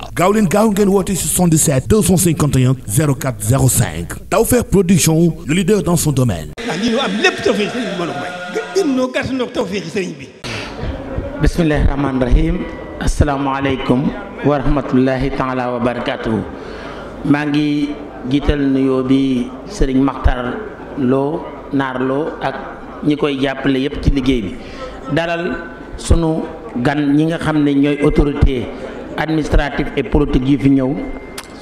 waaw gaaw leen gaaw ngeen woote 77 251 04 05 Tawfekh Production le leader dans son domaine. ah lii ñu am a may. bismillaahi rahmaani rahiim asalaamaaleykum wa rahmatullahi taala wa maa ngi jiital nuyoo bi sëriñ Maxtar Lo Naar Lo ak ñi koy jàppale yépp ci liggéey bi dalal sunu gan ñi nga xam ne ñooy autorité. administratif et politique yi fi ñëw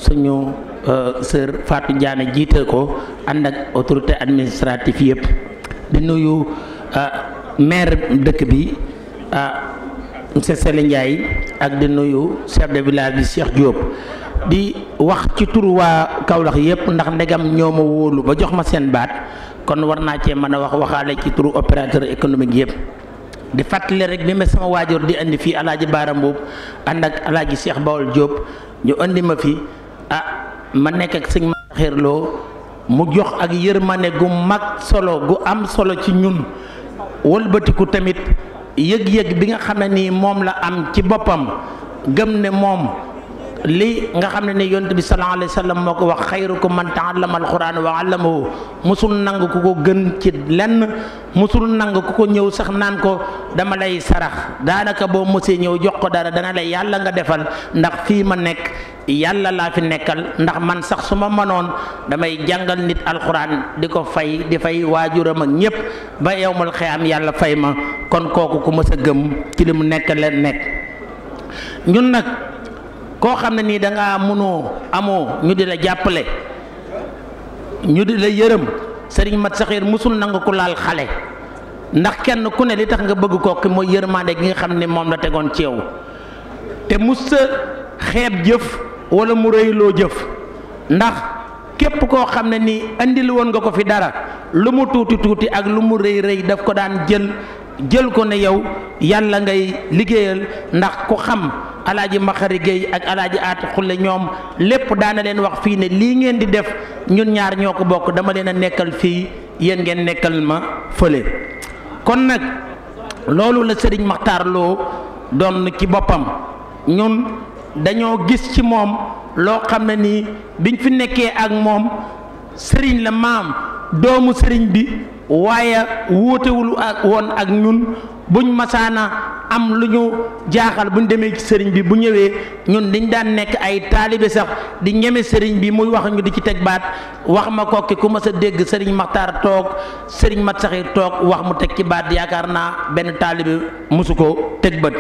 suñu euh, sœur Fatou Diané jiite ko ànd ak autorité administrative yëpp di nuyu euh, maire dëkk bi euh, monsieur Sele Ndiaye ak di nuyu chef de village bi Cheikh Diop di wax ci turu waa Kaolack yëpp ndax ndegam ñoo ma wóolu ba jox ma seen baat kon war naa cee mën a wax waxaale ci turu opérateur économique yëpp. di fàttali rek bi ma sama waajur di indi fii alaaji Baara Mbuub ànd ak alaaji Cheikh Bawol Diop ñu indi ma fi ah ma nekk ak sëñ Maxtaar mu jox ak yërmande gu mag solo gu am solo ci ñun walbatiku tamit yëg-yëg bi nga xam ne nii moom la am ci boppam gëm ne moom. lii nga xam ne ni yonent bi sallallahu alayhi wa moo ko wax xayrukum man ta'allama alquran wa allamahu mosul nangu ku ko gën ci lenn mosul nangu ku ko ñëw sax naan ko dama lay sarax daanaka boo mosee ñëw jox ko dara dana lay yàlla nga defal ndax fii ma nekk yàlla laa fi nekkal ndax man sax su ma mënoon damay jàngal nit alxuraan di ko fay di fay waajuram ak ñépp ba yowmal xiyaam yàlla fay ma kon kooku ku mës a gëm ci li mu nekk leen nekk ñun nag koo xam ne nii danga mënoo amoo ñu di la jàppale ñu di la yërëm sëriñ mat saxiir musul nangu ko laal xale ndax kenn ku ne li tax nga bëgg ko ki mooy yërmaande gi nga xam ne moom la tegoon ci yow te mus sa xeeb jëf wala mu rëyloo jëf ndax képp koo xam ne nii andil woon nga ko fi dara lu mu tuuti tuuti ak lu mu rëy rëy daf ko daan jël jël ko ne yow yàlla ngay liggéeyal ndax ku xam alaaji Maxari Géey ak alaaji Aatu Xulle ñoom lépp daana leen wax fii ne lii ngeen di def ñun ñaar ñoo ko bokk dama leen a nekkal fii yéen ngeen nekkal ma fële kon nag loolu la sëriñ maxtarloo Lo doon ci boppam ñun dañoo gis ci moom loo xam ne nii biñ fi nekkee ak moom sëriñ la maam doomu sëriñ bi waaye wuutewul ak woon ak ñun buñ masaana am lu ñu jaaxal bu ñu demee ci sëriñ bi bu ñëwee ñun dañ daan nekk ay taalibe sax di ñeme sëriñ bi muy wax ñu di ci teg baat wax ma kokki ku ma sa dégg sëriñ Maxtaar toog sëriñ Mat saxiir toog wax mu teg ci baat yaakaar naa benn taalibe mosu ko teg bët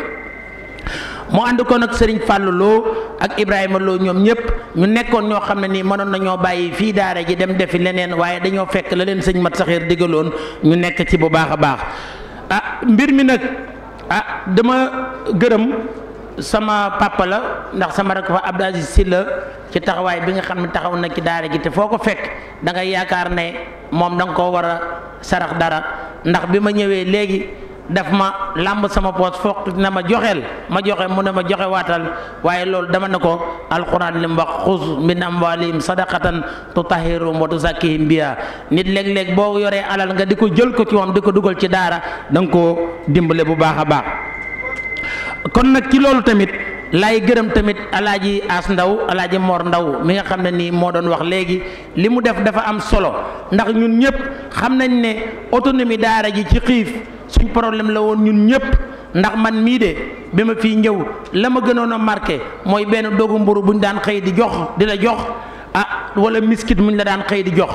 mu ànd ko nag sëriñ Fallou loo ak Ibrahima Lo ñoom ñëpp ñu nekkoon ñoo xam ne nii mënoon nañoo bàyyi fii daara ji dem defi leneen waaye dañoo fekk la leen sëñ Mat Saxiir digaloon ñu nekk ci bu baax a baax ah mbir mi nag ah dama gërëm sama papa ndax sama rak fa Abdou Aziz Si la ci taxawaay bi nga xam ne taxaw na ci daara ji te foo ko fekk dangay yaakaar ne moom da nga koo war a sarax dara ndax bi ma ñëwee léegi. daf ma làmb sama poos foog na ma joxeel ma joxe mu ne ma joxe waatal waaye loolu dama ne ko alquran li mu wax xus min amwalihim sadaqatan tutahirum wa tusakkihim biha nit léeg-léeg boo yoree alal nga di ko jël ko ci moom di ko dugal ci daara danga nga koo dimbale bu baax a baax kon nag ci loolu tamit laay gërëm tamit alaaji as ndaw alaaji moor ndaw mi nga xam ne nii moo doon wax léegi li mu def dafa am solo ndax ñun ñëpp xam nañ ne autonomie daara ji ci xiif suñ problème la woon ñun ñëpp ndax man mii de bi ma fii ñëw la ma gënoon a marqué mooy benn dogu mburu bu ñu daan xëy di jox dina jox a ah, wala miskit muñ la daan xëy di jox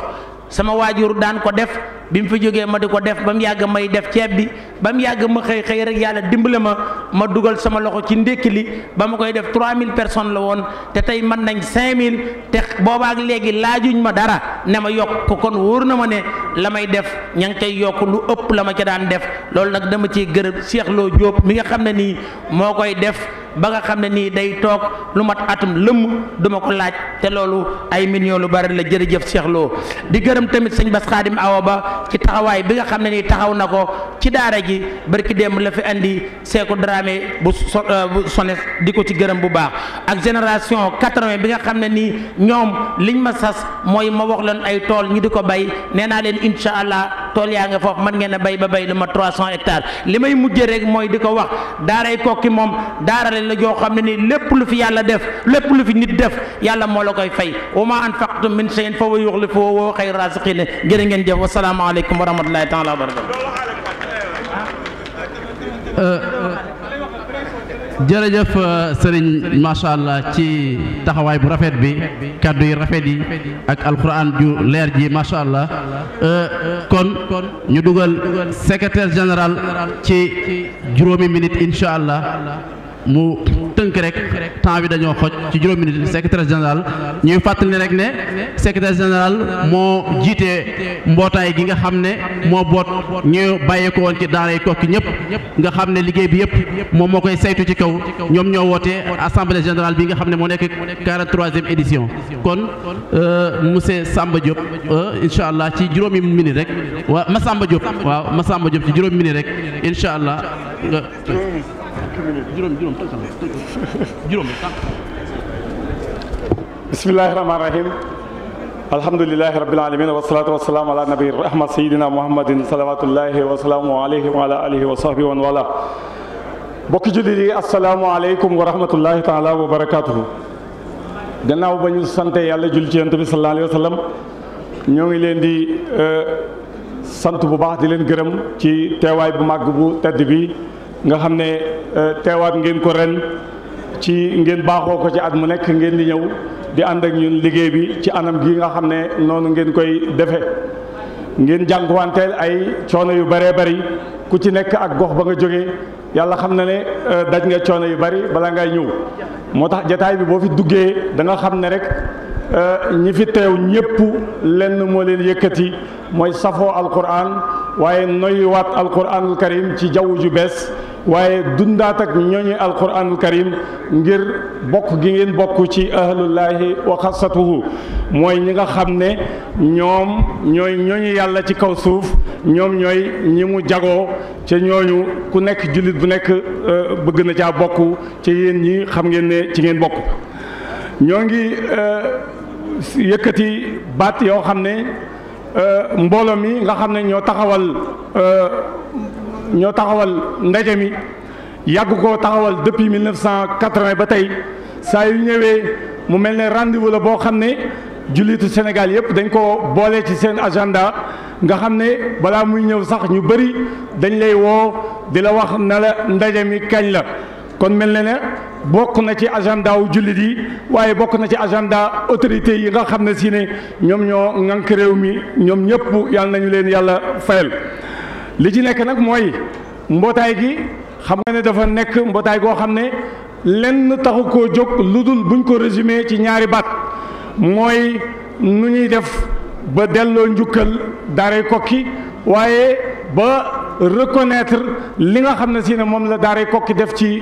sama waajur daan ko def bi mu fi jógee ma di ko def ba mu yàgg may def ceeb bi ba mu yàgg ma xëy xëy rek yàlla dimbale ma ma dugal sama loxo ci ndékki li ba ma koy def 3000 personnes la woon te tey man nañ 5000 te boobaak léegi laajuñ ma dara ne ma yokk ko kon wóor na ma ne la may def ña ngi koy yokk lu ëpp la ma ca daan def loolu nag dama ciy gërëm Cheikh Lo Diop mi nga xam ne nii moo koy def. ba nga xam ne nii day toog lu mat atum lëmm duma ko laaj te loolu ay millions lu bari la jërëjëf Cheikh Lo di gërëm tamit sëñ Bass Khadim Awa Ba ci taxawaay bi nga xam ne nii taxaw na ko ci daara ji bërki démb la fi indi Seeku Dramé bu euh, sone di ko ci gërëm bu baax ak génération 80 bi nga xam ne nii ñoom liñ ma sas mooy ma wax leen ay tool ñu di ko bay nee naa leen incha allah tool yaa nga foofu mën ngeen a bay ba bay lu ma trois cent hectares li may mujjee rek mooy di ko wax daaray kokki moom daara la joo xam ne nii lépp lu fi yàlla def lépp lu fi nit def yàlla moo la koy fay wa ma anfaqtum min shay'in fa huwa yukhlifu wa huwa khayru raziqin jërë ngeen jëf wasalaamaaleykum wa rahmatullahi taala wa barakatu jërëjëf euh, sëriñ macha allah ci taxawaay bu rafet bi kàddu yi rafet yi ak alquran ju leer ji macha allah euh, kon ñu dugal secrétaire général ci juróomi minute incha allah. mu tënk rek temps bi dañoo xoj ci juróomi minute secrétaire général ñuy fàttali rek ne secrétaire général moo jiite mbootaay gi nga xam ne moo boot ñu bàyyeekoo woon ci daaray Koki ñëpp nga xam ne liggéey bi yëpp moom moo koy saytu ci kaw ñoom ñoo woote assemblée générale bi nga xam ne moo nekk 43e édition kon euh, monsieur Samba Diop euh, incha allah ci juróomi minute rek waaw Massamba Diop waaw Massamba Diop ci juróomi minute rek incha allah. juróom juróom tënkal juróom bismillahi rahmaani rahim alhamdulilahi rabbil alamin wasalaatu wasalaamu ala nabi rahmat sayidina muhammadin salawatullahi wasalaamu alayhi wa ala alihi wa sahbi wan wala bokki jullit yi asalaamaaleykum wa rahmatullahi taala wa barakatuhu gannaaw ba ñu sante yàlla jul ci yonent bi sallallahu alayhi wa sallam ñoo ngi leen di euh, sant bu baax di leen gërëm ci teewaay bu màgg bu tedd bi nga xam ne euh, teewaat ngeen ko ren ci ngeen baaxoo ko ci at mu nekk ngeen di ñëw di ànd ak ñun liggéey bi ci anam gi nga xam ne noonu ngeen koy defe ngeen jànkuwanteel ay coono yu bëree bari ku ci nekk ak gox ba nga jóge yàlla xam na ne euh, daj nga coono yu bari bala ngay ñëw moo tax jataay bi boo fi duggee da xam ne rek euh, ñi fi teew ñëpp lenn moo leen yëkkati mooy safoo alquran waaye noyyiwaat alquranul karim ci jaww ju bees waaye dundaat ak ñooñu alquranul karim ngir bokk gi ngeen bokk ci ahlullahi wa mooy ñi nga xam ne ñoom ñooy ñooñu yàlla ci kaw suuf ñoom ñooy ñi mu jagoo ca ñooñu ku nekk jullit bu nekk euh, bëgg na caa bokk ci yéen ñi xam ngeen ne ci ngeen bokk ñoo ngi euh, yëkkati baat yoo xam ne euh, mbooloo mi nga xam ne ñoo taxawal ñoo taxawal ndaje mi yàgg koo taxawal depuis 1980 ba tey saa yu ñëwee mu mel ne rendez-vous la boo xam ne jullitu Sénégal yëpp dañ koo boole ci seen agenda nga xam ne balaa muy ñëw sax ñu bëri dañ lay woo di la wax na la ndaje mi kañ la kon mel na ne bokk na ci agenda wu jullit yi waaye bokk na ci agenda autorité yi nga xam ne si ne ñoom ñoo ŋànk réew mi ñoom ñëpp yàlla nañu leen yàlla fayal li ci nekk nag mooy mbootaay gi xam ne dafa nekk mbootaay goo xam ne lenn taxu ko jóg lu dul buñ ko résumé ci ñaari baat mooy nu ñuy def ba delloo njukkal daaray kokki waaye ba reconnaître li nga xam ne si ne moom la daaray kokki def ci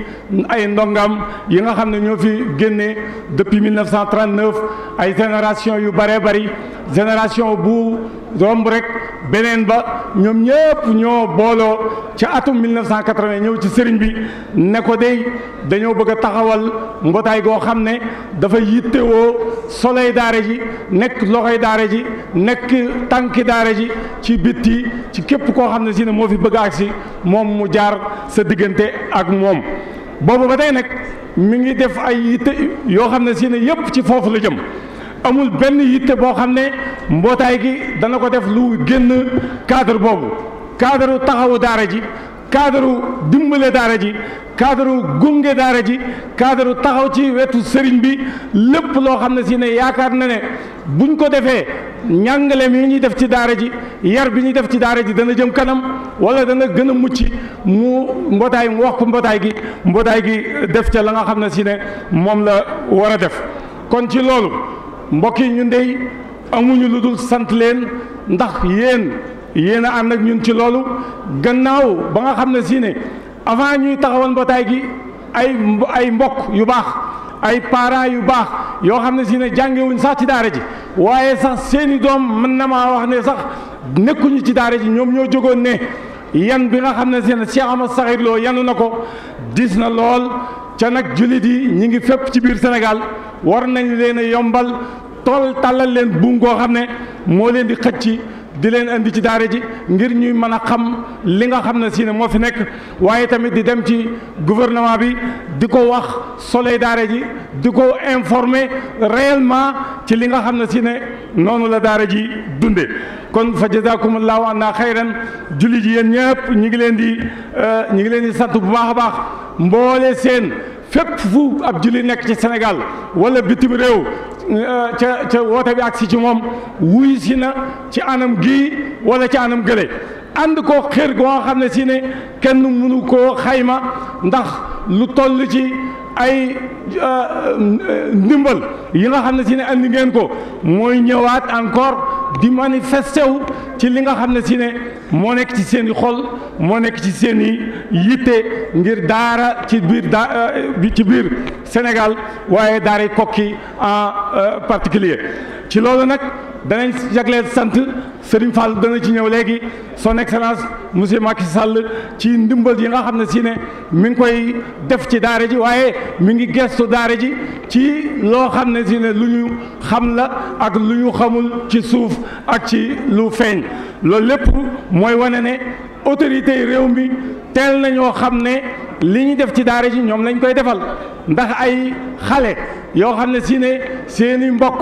ay ndongam yi nga xam ne ñoo fi génne depuis 1939 ay génération yu bëree bari génération bu romb rek beneen ba ñoom ñëpp ñoo booloo ca atum 1980 ñëw ci sëriñ bi ne ko dey dañoo bëgg a taxawal mbootaay goo xam ne dafa yittewoo soley daara ji nekk loxoy daare ji nekk tànki daara ji ci bitti ci képp koo xam ne si moo fi bëgg a si moom mu jaar sa diggante ak moom boobu ba tey nag mi ngi def ay yitte yoo xam ne si ne yëpp ci foofu la jëm amul benn yitte boo xam ne mbootaay gi dana ko def lu génn cadre boobu cadre taxawu daara ji cadre dimbale daara ji cadre gunge daara ji cadre taxaw ci wetu sëriñ bi lépp loo xam ne si ne yaakaar na ne buñ ko defee ñàngale mi ñuy def ci daara ji yar bi ñuy def ci daara ji dana jëm kanam wala dana gën a mucc mu mbootaay mu wax ko mbootaay gi mbootaay gi def ca la nga xam ne si ne moom la war a def kon ci loolu mbokk yi ñun dey amuñu lu sant leen ndax yéen yéen ànd ak ñun ci loolu gannaaw ba nga xam ne siine ne avant ñuy taxawal mbootaay gi ay ay mbokk yu baax ay parents yu baax yoo xam ne si ne sax ci daare ji waaye sax seeni doom mën na maa wax ne sax nekkuñu ci daare ji ñoom ñoo jógoon ne yan bi nga xam ne si ne Cheikh Ahmad Sakhir na ko diis na lool ca nag jullit yi ñu ngi fépp ci biir Sénégal war nañ leen a yombal tool tàllal leen buum goo xam ne moo leen di xëcc di leen indi ci daara ji ngir ñuy mën a xam li nga xam ne si ne moo fi nekk waaye tamit di dem ci gouvernement bi di ko wax soleil daara ji di ko informer réellement ci li nga xam na si ne noonu la daara ji dunde kon fa jazakumullahu anna xayran julli ji yéen ñëpp ñi ngi leen di euh, ñi ngi leen di sant bu baax a baax mboole seen fépp fu ab julli nekk ci Sénégal wala bitim réew ca ca woote bi si ci moom wuy si na ci anam gii wala ci anam gële ànd koo xiir goo nga xam ne si ne kenn mënu koo xayma ndax lu toll ci ay euh, ndimbal yi nga xam ne si ne andi ngeen ko mooy ñëwaat encore di manifesté wu ci li nga xam ne si ne moo nekk ci seen i xol moo nekk ci seen i yitte ngir daara ci biir daa euh, ci biir Sénégal waaye daara yi kokki en euh, particulier ci loolu nag danañ jagleel sant Serigne Fall dana ci ñëw léegi son excellence monsieur Macky sàll ci ndimbal yi nga xam ne si ne mi ngi koy def ci daara ji waaye mi ngi gestu daare ji ci loo xam ne si lu ñu xam la ak lu ñu xamul ci suuf ak ci lu feeñ loolu lépp mooy wane ne autorité réew mi teel nañoo xam ne li ñu def ci daara ji ñoom lañ koy defal ndax ay xale yoo xam ne si ne seeni mbokk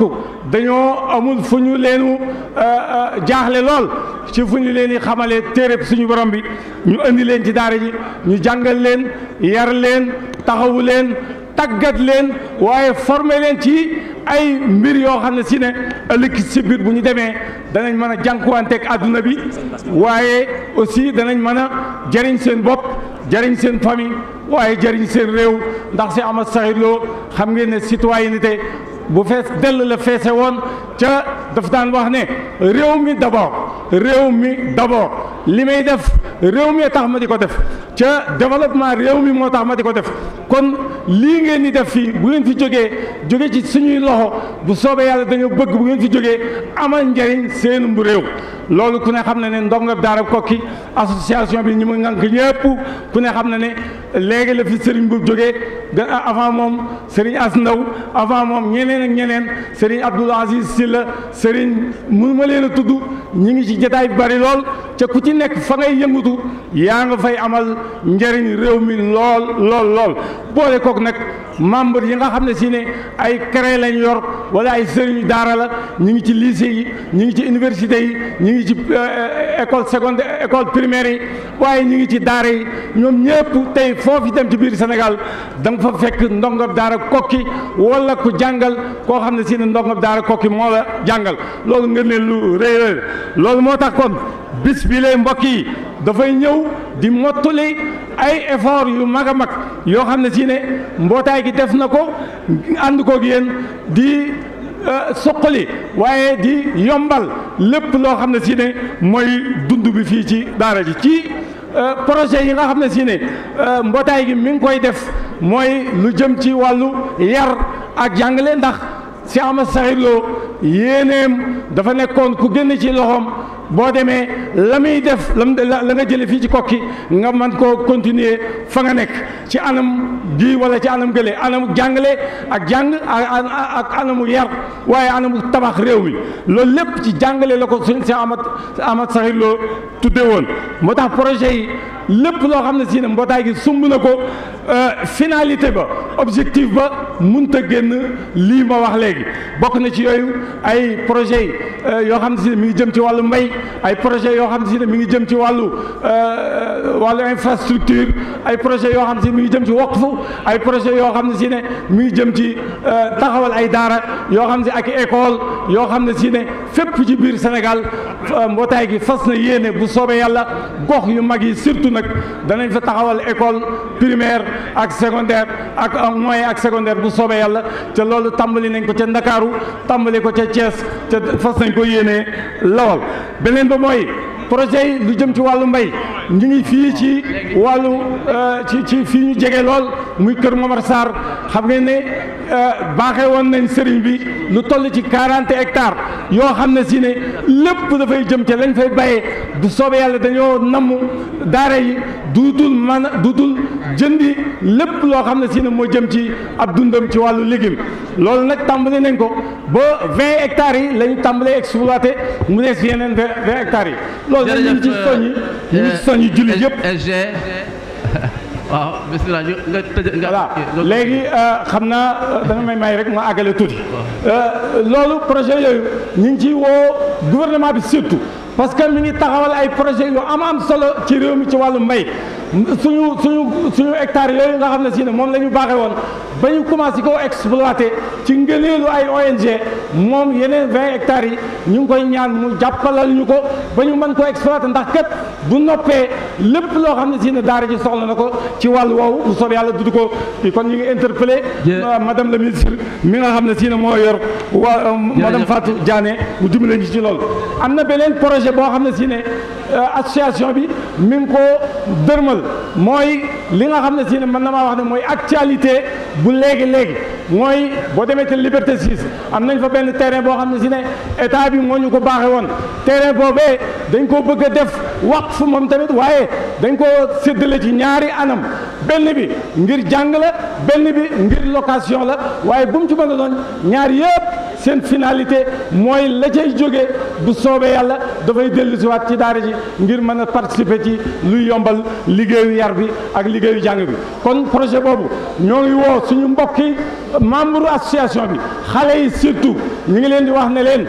dañoo amul fu ñu leenu euh, euh, jaaxle lool ci fu ñu leen di xamalee téereb suñu borom bi ñu indi leen ci daara ji ñu jàngal leen yar leen taxawu leen tàggat leen waaye former leen ci ay mbir yoo xam ne si ne ëllëg si biir bu ñu demee danañ mën a jànkuwanteek àdduna bi waaye aussi danañ mën a jëriñ seen bopp jëriñ seen famille waaye jëriñ seen réew ndax si Ahmed Sakhir loo xam ngeen ne citoyenneté bu fees dell la feese woon ca daf daan wax ne réew mi d'abord réew mi d'abord li may def réew mi tax ma di ko def ca développement réew mi moo tax ma di ko def kon lii ngeen di def fii bu ngeen fi jógee jóge ci suñuy loxo bu soobe yàlla dañoo bëgg bu ngeen fi jógee amal njëriñ seen bu réew loolu ku ne xam na ne ndongo daara kokki association bi ñi mu ngànk ñëpp ku ne xam na ne léegi la fi Serigne bu jógee avant moom Serigne As Ndaw avant moom ñeneen ak ñeneen Serigne Abdoul Aziz Sylla Serigne mënu ma leen a tudd ñi ngi ci jataay bi bari lool ca ku ci nekk fa ngay yëngatu yaa nga fay amal njëriñ réew mi lool lool lool boole kook nag membre yi nga xam ne si ne ay CREI lañ yor wala ay sëriñu daara la ñu ngi ci lycée yi ñu ngi ci université yi ñu ngi ci euh, école secondaire école primaire yi waaye ñu ngi ci daara yi ñoom ñëpp foofu dem ci biir Sénégal da nga fa fekk ndongob daara kokki wala ku jàngal koo xam ne si ne ndongob daara kokki moo la jàngal loolu nga lu rëy rëy loolu moo tax kon bis bi lay mbokk yi dafay ñëw di mottali ay effort yu mag a mag yoo xam ne si ne mbootaay gi def na ko ànd koog yéen di euh, suqali waaye di yombal lépp loo xam ne si ne mooy dund bi fii ci daara ji ci Euh, projet yi nga xam ne si ne euh, mbootaay gi mi ngi koy def mooy lu jëm ci wàllu yar ak jàngale ndax si ama saxiloo yéeneem dafa nekkoon ku génn ci loxoom boo demee la muy def lam la nga jële fii ci kokki nga man koo continuer fa nga nekk ci anam gii wala ci anam gële anamu jàngale ak jàng ak anamu yar waaye anamu tabax réew mi loolu lépp ci jàngale la ko suñ si amat amat saxir loo tudde woon moo tax projet yi lépp loo xam ne si ne mbootaay gi sumb na ko euh, finalité ba objectif ba munta génn lii ma wax léegi bokk na ci yooyu ay projet euh, yoo xam ne si mi ngi jëm ci wàllu mbay ay projets yoo xam ne si mu ngi jëm ci wàllu euh, wàllu infrastructure ay projets yoo xam ne si mi ngi jëm ci waqf ay projets yoo xam ne si ne mi ngi jëm ci euh, taxawal ay daara yoo xam ne si ak école yoo xam ne si ne fépp ci biir Sénégal mbootaay gi fas na yéene bu soobee yàlla gox yu mag yi surtout nag danañ fa taxawal école primaire ak secondaire ak moyen ak secondaire bu soobee yàlla te loolu tàmbali nañ ko ca Ndakaaru tàmbali ko ca ca Thiès ca fas nañ ko yéenee lawal beneen ba mooy projet yi lu jëm ci wàllu mbay ñu ngi fii ci wàllu euh, ci ci fii ñu jege lool muy kër Momar Sarr xam nga ne euh, baaxee woon nañ sëriñ bi lu toll ci quarante hectares yoo xam ne si ne lépp dafay jëm ca lañ fay bayee du soobe yàlla dañoo namm daara yi duutul man duutul jëndi lépp loo xam ne si ne moo jëm ci ab dundam ci wàllu légume loolu nag tàmbali nañ ko ba vingt hectares yi la ñu tàmbalee exploité mu des yeneen vingt yi loolu nag ñu ngi ci soññi ñu ngi ci soññi jullit yëpp waaw bisimilah ñu nga tëj nga. voilà léegi euh, xam naa euh, dama may may rek ma àggale tuuti. Euh, loolu projet yooyu ñu ngi ciy woo gouvernement bi surtout parce que mu ngi taxawal ay projet yu am am solo ci réew ci wàllu mbay. suñu suñu suñu hectare yooyu nga xam ne si ne moom la ñu baaxee woon ba ñu commencé koo exploité ci ngëneelu ay ONG moom yeneen 20 hectares yi ñu ngi koy ñaan mu jàppalal ñu ko ba ñu mën koo exploité ndax kat bu noppee lépp loo xam ne si ne daara ji soxla na ko ci wàllu woowu bu soobee yàlla dudd ko kon ñu ngi interpellé madame la ministre mi nga xam ne si ne moo yor wa euh, madame Fatou Diané mu dimbale ñu ci loolu am na beneen projet boo xam ne si ne euh, association bi mi ngi ko dërmal mooy li nga xam ne si ne mën na maa wax ne mooy actualité bu léegi léegi mooy boo demee ci Liberté 6 am nañ fa benn terrain boo xam ne si ne état bi moo ñu ko baaxe woon terrain boobee dañ koo bëgg a def fu moom tamit waaye dañ koo séddale ci ñaari anam benn bi ngir jàng la benn bi ngir location la waaye bu ci mën a doon ñaar yëpp seen finalité mooy la cay jógee bu soobee yàlla dafay dellu siwaat ci daara ji ngir mën a participer ci luy yombal liggéeyu yar bi ak liggéeyu jàng bi kon projet boobu ñoo ngi woo suñu mbokki membre association bi xale yi surtout ñu ngi leen di wax ne leen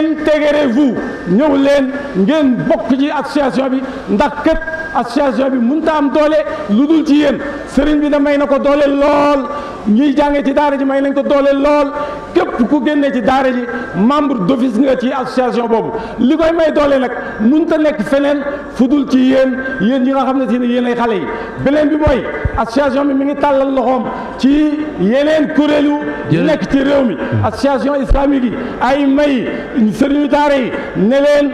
intégrez-vous ñëw leen ngeen bokk ci association bi ndax kët association bi mënut a am doole lu dul ci yéen sëriñ bi da may na ko doole lool ñuy jàngee ci daara ji may lañ ko doole lool képp ku génnee ci daara ji membre d'office nga ci association boobu li koy may doole nag mun ta nekk feneen fu dul ci yéen yéen ñi nga xam ne si ne yéen ay xale yi beneen bi mooy association bi mi ngi tàllal loxoom ci yeneen kuréelu nekk ci réew mi mm-hmm. association islamique yi ay may sëriñu daara yi ne leen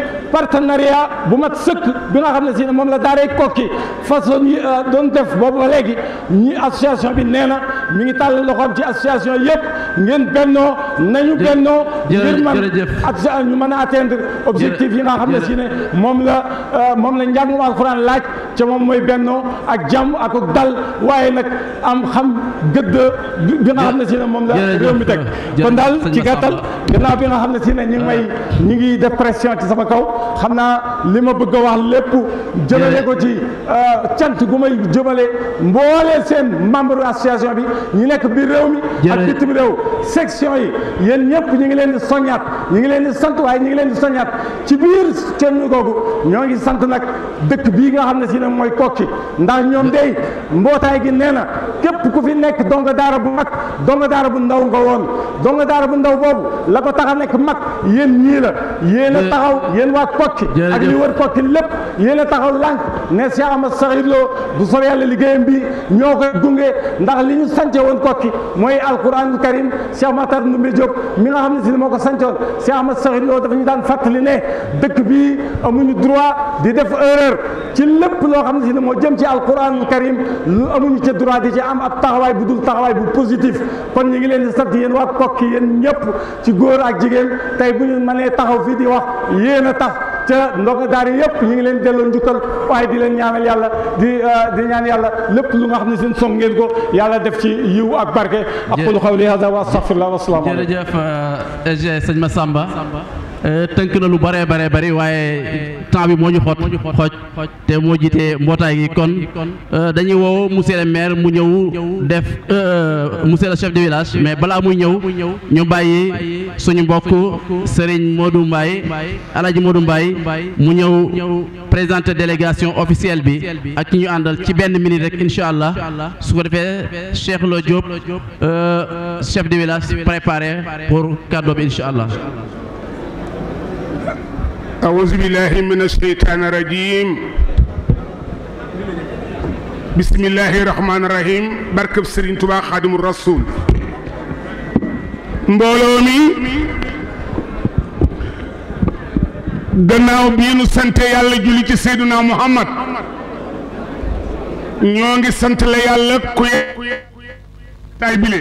bu mat sëkk bi nga xam ne si ne moom la daaray kokki façon yi euh, doon def boobu ba léegi ñi association bi nee na tàll loxoom ci association yëpp ngeen bennoo nañu bennoo ngir man ak sa ñu mën a atteindre objectif yi nga xam ne si ne moom la euh, moom la njàngum alxuraan laaj ca moom mooy bennoo ak jàmm ak dal waaye nag am xam gëdd bi nga xam ne si ne moom la réew mi teg kon daal ci gàttal gannaaw bi nga xam ne si ne ñi ngi ñi ngi def pression ci sama kaw xam naa li ma bëgg a wax lépp jëmale ko ci euh, cant gu may jëmale mboolee seen membre association bi ñi nekk biir réew mi ak bitim réew section yi yéen ñëpp ñu ngi leen di soññaat ñu ngi leen di sant waaye ñu ngi leen di soññaat ci biir kenn ñoo ngi sant nag dëkk bii nga xam ne si ne mooy kokki ndax ñoom day mbootaay gi nee na képp ku fi nekk donga daara bu mag donga daara bu ndaw nga woon donga daara bu ndaw boobu la ko tax a nekk mag yéen ñii la yéen a taxaw yéen waa kokki ak li wër kokki lépp yéen a taxaw lànk ne a Ahmad Sakhir Lo bu soobee yàlla liggéeyam bi ñoo gunge ndax li ñu sance doon kokki mooy alquranul karim Cheikh Matar Ndoumbé Diop mi nga xam ne si moo ko sancoon Cheikh ma Sakhir Lo dafa ñu daan fàttali ne dëkk bi amuñu droit di def erreur ci lépp loo xam ne si ne moo jëm ci alquranul karim lu amuñu ca droit di ci am ab taxawaay bu dul taxawaay bu positif kon ñu ngi leen di sant yéen waa kokki yéen ñëpp ci góor ak jigéen tey bu ñu mënee taxaw fii di wax yéen a tax ca ndongo daara yëpp ñu ngi leen delloo njukkal waaye di leen ñaanal yàlla di euh, di ñaan yàlla lépp lu nga xam ne seen song ngeen ko yàlla def ci yiw ak barke aqulu qawli hada wa astaghfirullah wa salaamu jërëjëf euh, sëñ Massamba Euh, tënk na lu bare bare bari waaye temps bi moo ñu xoot xooj te moo jiite mbootaay gi kon euh, dañuy woo monsieur le maire mu ñëw def euh, monsieur le chef de village mais balaa muy ñëw ñu bàyyi suñu mbokk Serigne Modou Mbaye Alaji Modou Mbaye mu ñëw présenter délégation officielle bi ak ñu àndal ci benn minute rek incha allah su ko defee Cheikh Lo Diop chef de village préparé pour cadeau bi incha allah أعوذ بالله من الشيطان الرجيم بسم الله الرحمن الرحيم بركب سرين تبا خادم الرسول mbooloo gannaaw bii nu sant yàlla julli muhammad ñoo ngi sant la yàlla tay bile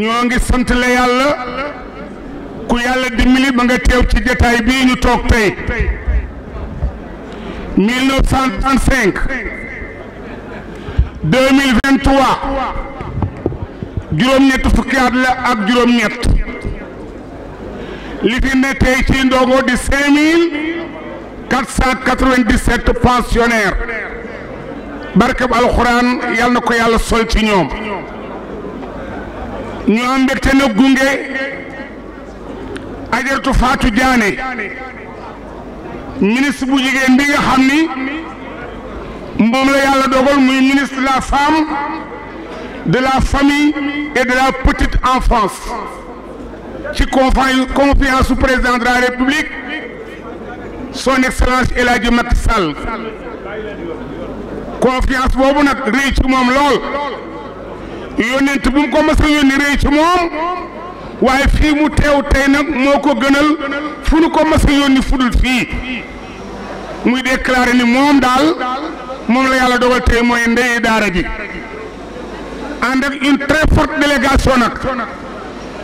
ñoo ngi sant la ku yàlla dimbali ba nga teew ci jataay bii ñu toog tey 1935 2023 juróom-ñett fukki at la ak juróom-ñett li fi ne tey ci ndongo di 5497 pensionnaires alxuraan yàlla na ko yàlla sol ci ñoom ñu am mbégte na gunge. ajartu Fatou Diané ministre bu jigéen bi xam ni moom la yàlla dogal muy ministre de la femme de la famille et de la petite enfance ci confiance su président de la république son excellence El Hadji confiance boobu nag rëy ci moom lool yónneent bu mu ko mës a yónni ci moom. waaye fii mu teew tey nag moo ko gënal fu nu ko mas a yónni fudul fii muy déclaré ni moom daal moom la yàlla dogal tey mooy ndey daara ji ànd ak une très forte délégation nag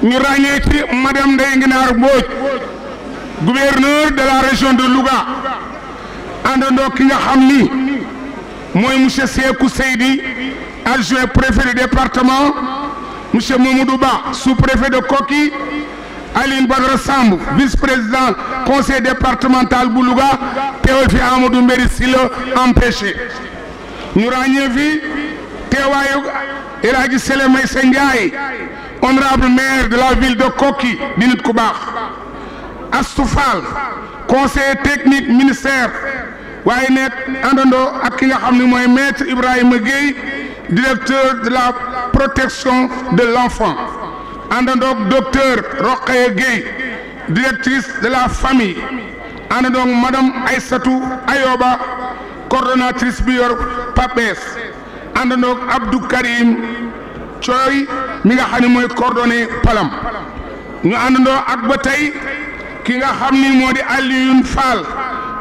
ñu ràññee ci madame Ndeye Nguinaar Mbodj gouverneur de la région de Louga àndandoo ki nga xam ni mooy monsieur Sékou Seydi adjoint préfet du département monsieur Mamoudou Ba sous-préfet de Koki Aline Badara vice-président conseil départemental bu Louga teewal fi Amadou Mbéri Silla empêché ñu ràññee fi teewaayu El Hadji Sele Maysa honorable maire de la ville de Koki di nit ku baax technique ministère waaye nekk àndandoo ak ki maître Ibrahima Gueye directeur de la protection de l'enfant àndandoog docteur Rokhaya Gueye directrice de la famille àndandoog madame Aïssatou Ayoba coordonnatrice bi yor PAPES àndandoog Abdou Karim Thioy mi nga xam ne mooy coordonné Palam ñu àndandoo ak ba tey ki nga xam ni moo di Alioune Fall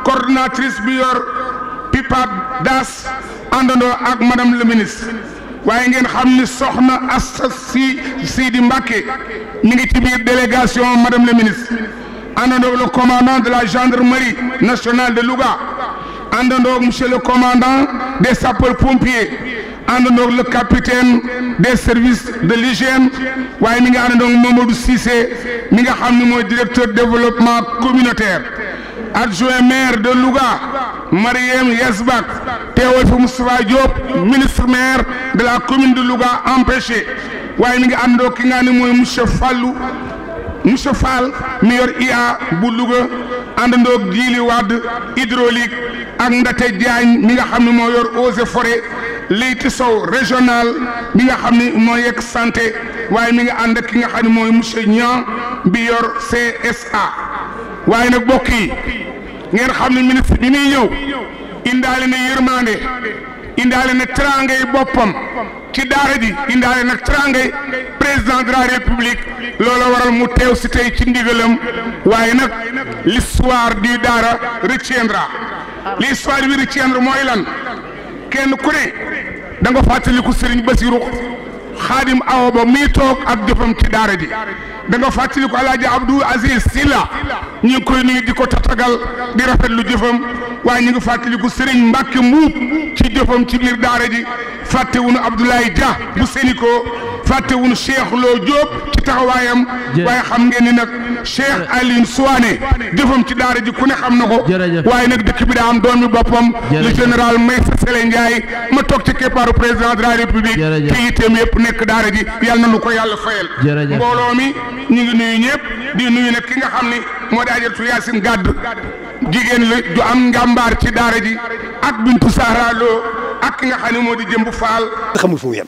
coordonnatrice bi yor DAS àndandoo ak madame le ministre waaye ngeen xam ni soxna Asta si Sidi Mbacke mi ngi ci biir délégation madame le ministre àndandoo le commandant de la gendarmerie nationale de Louga àndandoo monsieur le commandant des sapeurs pompiers àndandoo le capitaine des services de l'hygiène waaye ni ngi àndandoo Mamadou Cissé mi nga xam ne mooy directeur développement communautaire adjoint maire de Louga. Marième Yes Bâ teewal fi Moustapha Diop ministre maire de la commune de Louga empêché waaye mi ngi àndoo ki nga ne mooy monsieur Fallou monsieur Fall mi yor IA bu Louga àndandoo ak Djili Wade hydraulique ak Ndate Diagne mi nga xam ne moo yor eaux et forêt Leyti Sow régional mi nga xam ne moo yegg santé waaye mi ngi ànd ak ki nga xam ne mooy monsieur Niang bi yor CSA waaye nag bokk yi ngeen xam ne ministre bi muy ñëw indaale na yërmande indaale na teraangay boppam ci daara ji indaale na teraangay président de la république loola waral mu teew si tey ci ndigalam waaye nag l'histoire du daara retiendra l'histoire bi retiendra mooy lan kenn ku ne da nga fàttaliku Serigne Bassirou Khadim Awa Ba muy toog ak jëfam ci daara ji da nga fàttali ko alaaji Abdou Aziz Sila ñu ngi koy nuyu di ko tatagal di rafetlu jëfam waaye ñu ngi fàttaliku Serigne Mbacke Mbuub ci jëfam ci biir daara ji fàtte wuñu Abdoulaye Dia bu Sénico fàtte wuñu Cheikh Lo Diop ci taxawaayam. waaye xam ngeen ni nag Cheikh Alioune Souane jëfam ci daara ji ku ne xam na ko. waaye nag dëkk bi daa am doomi boppam. le général Meïssa Sélé Ndiaye ma toog ci keppaaru président de la république. te itam yëpp nekk daara ji yàlla na lu ko yàlla fayal. mbooloo mi ñu ngi nuyu ñëpp di nuyu nag ki nga xam moo di ajatu yaasin gàdd jigéen la ju am njàmbaar ci daara ji ak bintu sahra loo ak nga xam di jëmb faal xamul fu mu yem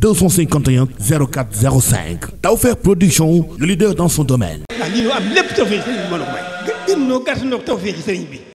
251 04 05 Tawfekh Production